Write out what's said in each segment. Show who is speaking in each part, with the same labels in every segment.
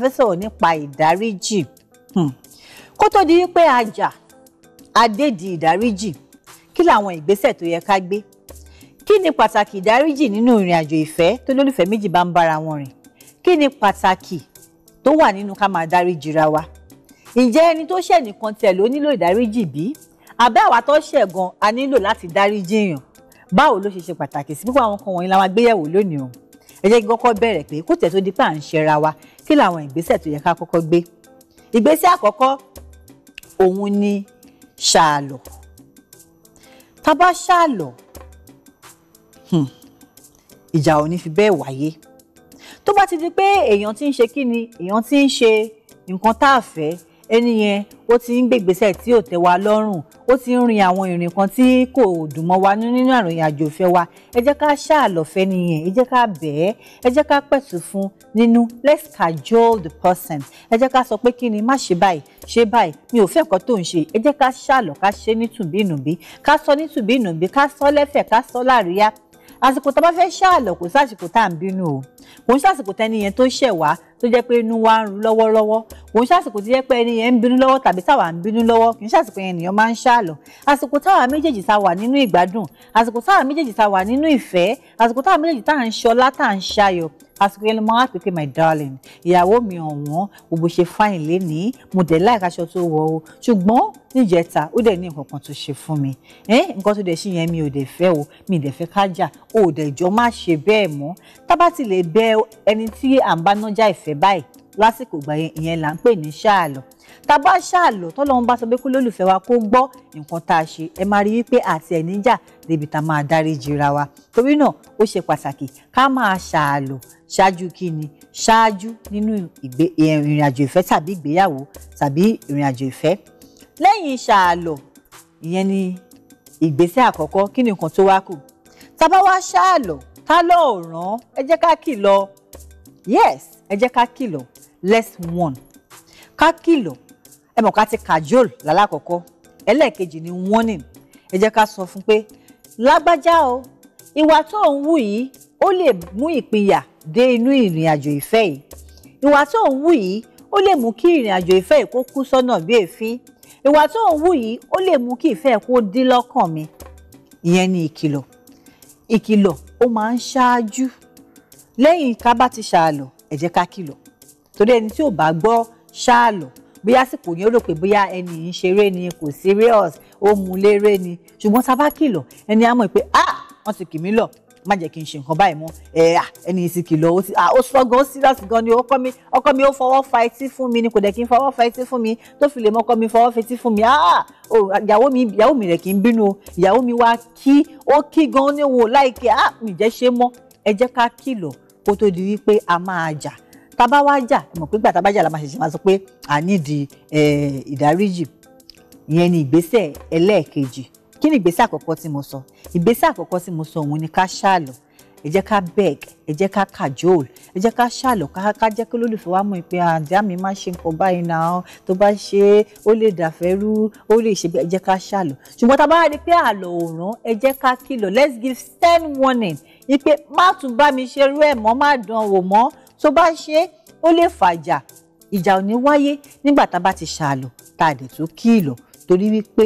Speaker 1: fẹ́ sọ̀rọ̀ nípa ìdáríjì hmm. kó tó di wípé a jà a dé di ìdáríjì kí làwọn ìgbésẹ̀ tó yẹ ká gbé kí ni pàtàkì ìdáríjì nínú ìrìn àjò ìfẹ́ tó lólùfẹ́ méjì bá ń bára wọn rìn kí ni pàtàkì tó wà nínú ká máa dáríjì ra wa ǹjẹ́ ẹni tó ṣẹ̀ nìkan tẹ̀ ló nílò ìdáríjì bí àbẹ́ àwa tó ṣẹ̀ gan a nílò láti dáríjì èèyàn báwo ló ṣe ṣe pàtàkì sí púpọ̀ àwọn kan wọ̀nyí la máa gbéyẹ̀wò lónìí o ẹ jẹ́ kí kọ́kọ́ bẹ̀rẹ̀ pé kó tẹ̀ tó di pé à ń ṣẹra wa kí làwọn ìgbésẹ̀ tó yẹ ká kọ́kọ́ gbé ìgbésẹ̀ àkọ́kọ́ òun ni ṣàlọ̀ tá bá ṣàlọ̀ hmm, ìjà ò ní fi bẹ́ẹ̀ wáyé tó bá ti di pé èèyàn ti ń ṣe kí ni èèyàn ti ń ṣe nǹkan tá a fẹ́ ẹni yẹn ó ti ń gbègbèsẹ̀ tí ò tẹ́ wa lọ́rùn ó ti ń rin àwọn ìrìn kan tí kò dùn mọ́ wa nínú àròyìn àjò ìfẹ́ wa ẹ jẹ́ ká ṣàlọ́fẹ́ nìyẹn ẹ jẹ́ ká bẹ̀ẹ́ ẹ jẹ́ ká pẹ̀tù fún nínú let's cajole the person ẹ jẹ́ ká sọ pé kí ni má ṣe báyìí ṣe báyìí mi ò fẹ́ nǹkan tó ń ṣe ẹ jẹ́ ká ṣàlọ́ ká ṣe nítùbínùbí ká sọ nítùbínùbí ká sọ lẹ́fẹ̀ẹ́ ká sọ láríyá àsìkò tá a bá fẹ́ ṣàlọ̀ kò sásìkò tá à ń bínú o kò ń sásìkò tẹ́ni yẹn tó ṣẹ̀ wá tó jẹ́ pé inú wa ń ru lọ́wọ́lọ́wọ́ kò ń sásìkò tó jẹ́ pé ẹni yẹn ń bínú lọ́wọ́ tàbí táwa ń bínú lọ́wọ́ kì í sásìkò yẹn nìyẹn máa ń ṣàlọ̀ àsìkò táwa méjèèjì tá wà nínú ìgbádùn àsìkò táwa méjèèjì tá wà nínú ìfẹ́ àsìkò táwa méjèèjì tá à ń ṣọlá tá à ń ṣayọ̀ àsìkò yẹn ló máa pè pé my darling ìyàwó mi ọ̀wọ́n òbò ṣe fáìn lénìí mo dẹ̀ láì kaṣọ tó wọ̀ o ṣùgbọ́n níjẹta ó dẹ̀ ní nǹkan kan tó ṣe fún mi nǹkan tó dẹ̀ ṣe yẹn mi ò dẹ̀ fẹ́ o mi dẹ̀ fẹ́ kájà o dẹ̀ jọ má ṣe bẹ́ẹ̀ mọ́ tá bá ti lè bẹ ẹni tí à ń bá nájà ìfẹ́ báyìí lásìkò ìgbà ìyẹn là ń pè ní ṣáàlọ̀ tá a bá ṣáàlọ̀ tọ́lọ́run bá sọ pé kó lólùfẹ́ wa kó gbọ́ nǹkan tá a ṣe ẹ máa rí wípé àti ẹ̀ níjà débi tá a máa dáríjì ra wa torí náà ó ṣe pàtàkì ká máa ṣáàlọ̀ ṣáájú kí ni ṣáájú nínú ìrìn àjò ìfẹ́ tàbí ìgbéyàwó tàbí ìrìn àjò ìfẹ́ lẹ́yìn ṣáàlọ̀ ìyẹn ni ìgbésẹ̀ àkọ́kọ́ kí ni nǹkan tó wá kù tá a bá wá ṣáàlọ̀ ká lọ́ọ̀ràn ẹ jẹ́ ká kìlọ̀ yes ẹ jẹ́ ká kìlọ̀ less one ká kìlọ̀ ẹ mọ̀ ká ti cajole lálàkọ́kọ́ ẹlẹ́ẹ̀kejì ni warning ẹ jẹ́ ká sọ fún pé lágbájá o ìwà tó ń wù yìí ó lè mú ìpínyà dé inú ìrìn àjò ìfẹ́ yìí ìwà tó ń wù yìí ó lè mú kí ìrìn àjò ìfẹ́ yìí kó kú sọ́nà bí èéfín ìwà tó ń wù yìí ó lè mú kí ìfẹ́ kó dín lọ́kàn mi ìyẹn ni ìkìlọ̀ ìkìlọ̀ ó máa ń ṣáájú lẹ́yìn ká bá ti ṣàlọ̀ ẹ ká kìlọ̀ torí ẹni tí ò bá gbọ́ ṣáàlọ̀ bí àsìkò yẹn ó rò pé bóyá ẹni yìí ń ṣeré ni kò serious ó mu léré ni ṣùgbọ́n tá a bá kìlọ̀ ẹni á mọ̀ pé ah wọ́n ti kì mí lọ má jẹ́ kí n ṣe nǹkan báyìí mọ́ ẹ ẹni yìí ti kìlọ̀ ó ti ah ó sọ gan ó serious gan ni ọkọ mi ọkọ mi ó fọwọ́ fa etí fún mi ni kò dẹ̀ kí n fọwọ́ fa etí fún mi tó fi lè mọ́kọ mi fọwọ́ fa etí fún mi ah ìyàwó mi ìyàwó mi rẹ̀ kì í bínú ìyàwó mi wá kí ó kí gan ó ní wò láìkí ah mi jẹ́ ṣe mọ́ ẹ jẹ́ ká kìlọ̀ kó tó di wípé a máa jà tábà wá jà mọ̀ pé gbà tábà jà la máa ṣẹ̀ṣẹ̀ máa sọ pé a nídìí ìdáríjì ìyẹn ni ìgbésẹ̀ ẹlẹ́ẹ̀kejì kí ni ìgbésẹ̀ àkọ́kọ́ tí mo sọ ìgbésẹ̀ àkọ́kọ́ tí mo sọ òun ni ká ṣàlọ̀ ẹ jẹ́ ká beg ẹ jẹ́ ká cajole ẹ jẹ́ ká ṣàlọ̀ ká jẹ́ kí olólùfẹ́ wa mọ̀ pé àǹdí àmì máa ṣe nǹkan báyìí náà tó bá ṣe é ó lè dàfẹ́ rú ó lè ṣe bẹ́ẹ̀ ẹ jẹ́ ká ṣàlọ̀ ṣùgbọ́n tá a bá rí pé àlọ́ òòrùn ẹ jẹ́ ká kìlọ̀ let's give ten warning ni pé má tún bá mi ṣerú ẹ̀ mọ́ má dán wò mọ́ tó bá ṣe é ó lè fàjà ìjà ò ní wáyé nígbà tá a bá ti ṣàlọ̀ tá a dẹ̀ tó kìlọ̀ torí wípé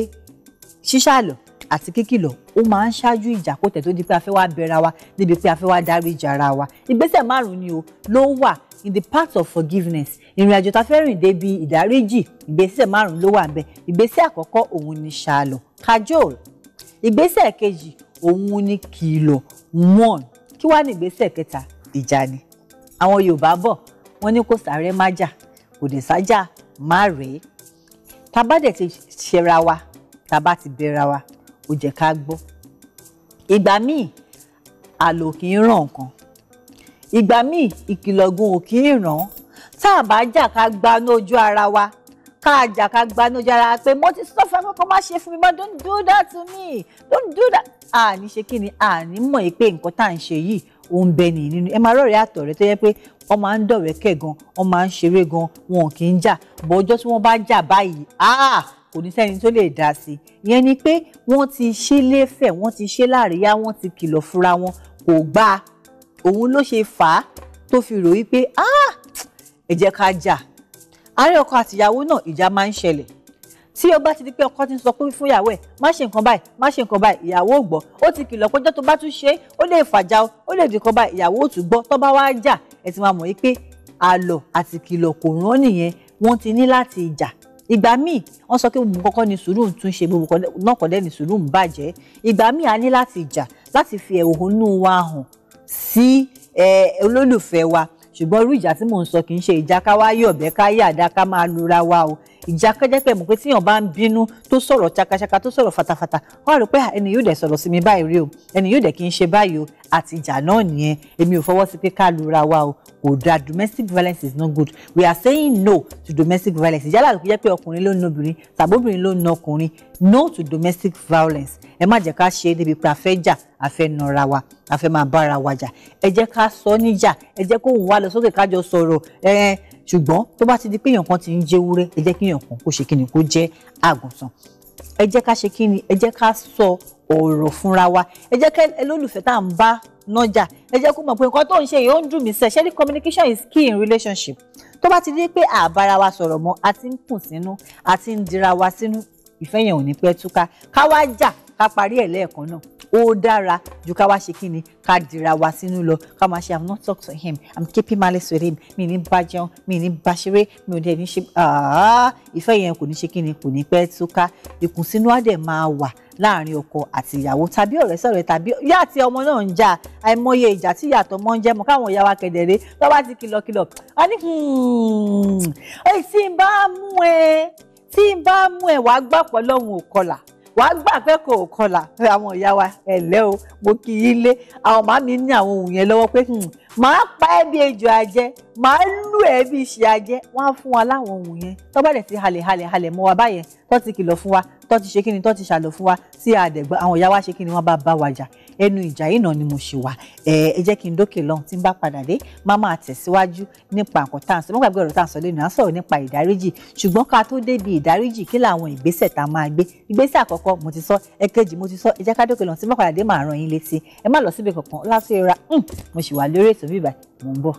Speaker 1: ṣíṣàlọ̀ àti kíkìlọ̀ ó máa ń ṣáájú ìjà kó tẹ̀ tó di pé a fẹ́ wá bẹ̀ra wa débi pé a fẹ́ wá dáríji ara wa ìgbésẹ̀ márùn-ún ni o ló wà in the path of forgiveness ìrìn àjò tá a fẹ́ rìn débi ìdáríjì ìgbésẹ̀ márùn-ún ló wà ń bẹ ìgbésẹ̀ àkọ́kọ́ òun ni ṣàlọ̀ cajole ìgbésẹ̀ kejì òun ni kìlọ̀ warn kí wá ní ìgbésẹ̀ kẹta ìjà ni àwọn Yorùbá bọ̀ wọ́n ní kò sáré má jà kò dé sájà má rèé tá a bá dẹ̀ ti ṣera wa tá a bá ti bẹ̀ra wa ó jẹ́ ká gbọ́ ìgbà míì àlò kì í ràn kan ìgbà míì ìkìlọ̀gùn ò kì í ràn tá a bá jà ká gbaná ojú ara wa ká jà ká gbaná ojú ara wa pé mo ti sọ fún ẹ kó má ṣe fún mi mọ́ don't do that to me don't do that àní ṣe kí ni àní mọ̀ pé nǹkan tá à ń ṣe yìí ó ń bẹ nìyí nínú ẹ máa rọ̀rẹ́ àtọ̀rẹ́ tó yẹ pé wọ́n máa ń dọ̀wẹ́kẹ̀ gan wọ́n máa ń ṣeré gan wọn kì í jà bọ́ ọjọ́ tí wọ́n bá jà báyìí áà ah, kò ní sẹ́ni tó lè dá sí i yẹn ni pé wọ́n ti ṣe léfẹ̀ wọ́n ti ṣe láàríyá wọ́n ti kìlọ̀ fúnra wọn kò gbà òun ló ṣe fà á tó fi rò wípé ah, ẹ jẹ́ ká jà àárẹ̀ ọkọ àtìyàwó náà ìjà máa ń ṣẹlẹ̀ tí o bá ti di pé ọkọ ti ń sọ pé fún ìyàwó ẹ má ṣe nǹkan báyìí má ṣe nǹkan báyìí ìyàwó ò gbọ́ ó ti kìlọ̀ pé ọjọ́ tó bá tún ṣe é ó lè fàjà o ó lè dìkan báyìí ìyàwó ò tún gbọ́ tó bá wá jà ẹ ti máa mọ̀ yìí pé àlọ àti kìlọ̀ kò rán nìyẹn wọ́n ti ní láti jà ìgbà míì wọ́n sọ pé gbogbo kọkọ ni sùúrù ń tún ṣe gbogbo náà kọdẹ ni sùúrù ń bàjẹ́ ìgbà míì a ní láti jà láti fi ẹ̀hónú wa hàn sí olólùfẹ́ wa ṣùgbọ́n irú ìjà tí mò ń sọ kì í ṣe ìjà ká wá yọ̀bẹ ká yàdá ká máa lura wa o ìjákẹ́jẹ́ pé mọ̀ pé tíyàn bá ń bínú tó sọ̀rọ̀ ṣakaṣaka tó sọ̀rọ̀ fatafata wọ́n á rò pé ah, ẹni yóò dẹ̀ sọ̀rọ̀ sí mi báyìí rí o ẹni yóò dẹ̀ kí n ṣe báyìí o àti ìjà náà nìyẹn èmi ò fọwọ́ sí pé ká lura wa o kò dáa domestic violence is not good we are saying no to domestic violence ìjà láti jẹ́ pé ọkùnrin ló ń na obìnrin tàbóbìnrin ló na ọkùnrin no to domestic violence ẹ má jẹ́ ká ṣe é débi pé a fẹ́ jà a fẹ́ nara wa a fẹ́ máa bára wa jà ẹ jẹ́ ká sọ níjà ẹ jẹ́ kó wà lọ sókè kájọ sọ̀rọ̀ ẹ ṣùgbọ́n tó bá ti di pé èèyàn kan ti ń jẹ́ ewúrẹ́ ẹ jẹ́ kí èèyàn kan kó ṣe kí ni kó jẹ́ àgùntàn ẹ jẹ́ ká ṣe kí ni ẹ jẹ́ ká sọ ọ̀rọ̀ fúnra wa ẹ jẹ́ ká olólùfẹ́ tá à ń bá nájà ẹ jẹ́ kó mọ̀ pé nǹkan tó ń ṣe yìí ó ń dùn mí sẹ́ ṣẹ́rí communication is key in relationship tó bá ti di pé àbára wa sọ̀rọ̀ mọ́ a ti ń kùn sínú a ti ń dira wa sínú ìfẹ́ yẹn ò ní pẹ́ túká ká wá jà ká parí ẹ̀ lẹ́ẹ̀kan náà ó dára ju ká wá ṣe kí ni ká dira wa sínú lọ ká máa ṣe i have not talked to him i'm keeping malice with him mi ní bá jẹun mi ní bá ṣeré mi ò dẹ̀ ní ṣe ìfẹ́ yẹn kò ní ṣe kí ni kò ní pẹ́ tó ká ìkùnsínú á dẹ̀ máa wà láàrin ọkọ àti ìyàwó tàbí ọ̀rẹ́ sọ̀rẹ́ tàbí ìyá àti ọmọ náà ń jà àìmọye ìjà tí ìyàtọ̀ mọ́ ń jẹ́ mọ́ káwọn ìyá wa kẹ̀dẹ̀rẹ́ tó bá ti kìlọ̀kìlọ̀ a ní hmm, tí tí n bá mú ẹ wàá gbàpọ̀ lọ́hùn òkọlà wàá gbà pé kò kọlà àwọn ìyá wa ẹ̀lẹ́ o mo kì í lé àwọn màá mi ní àwọn ohun yẹn lọ́wọ́ pé hmm, màá pa ẹ́ bí ejò ajẹ́ màá lù ẹ́ bí ìṣe ajẹ́ wọ́n á fún wa láwọn ohun yẹn tó bá dẹ̀ ti halẹ̀ halẹ̀ halẹ̀ mọ́ wa báyẹn tó ti kìlọ̀ fún wa tó ti ṣe kí ni tó ti ṣàlò fún wa tí àdẹ̀gbọ́n àwọn ìyá wa ṣe kí ni wọ́n bá bá wa jà ẹnu ìjà yìí náà ni mo ṣe wà ẹ jẹ́ kí n dókè lọ́hùn tí n bá padà dé má máa tẹ̀síwájú nípa nǹkan tá à ń sọ mọ́gbàgbé ọ̀rọ̀ tá à ń sọ lẹ́nu à ń sọ̀rọ̀ nípa ìdáríjì ṣùgbọ́n ká tó débi ìdáríjì kí làwọn ìgbésẹ̀ tá a máa gbé ìgbésẹ̀ àkọ́kọ́ mo ti sọ ẹ̀kejì mo ti sọ ẹ jẹ́ ká dókè lọ́hùn tí n bá padà dé máa rán yín létí ẹ má lọ síbi kankan láti ra hmm, mo ṣì wà lórí ètò bíbá mò ń bọ̀.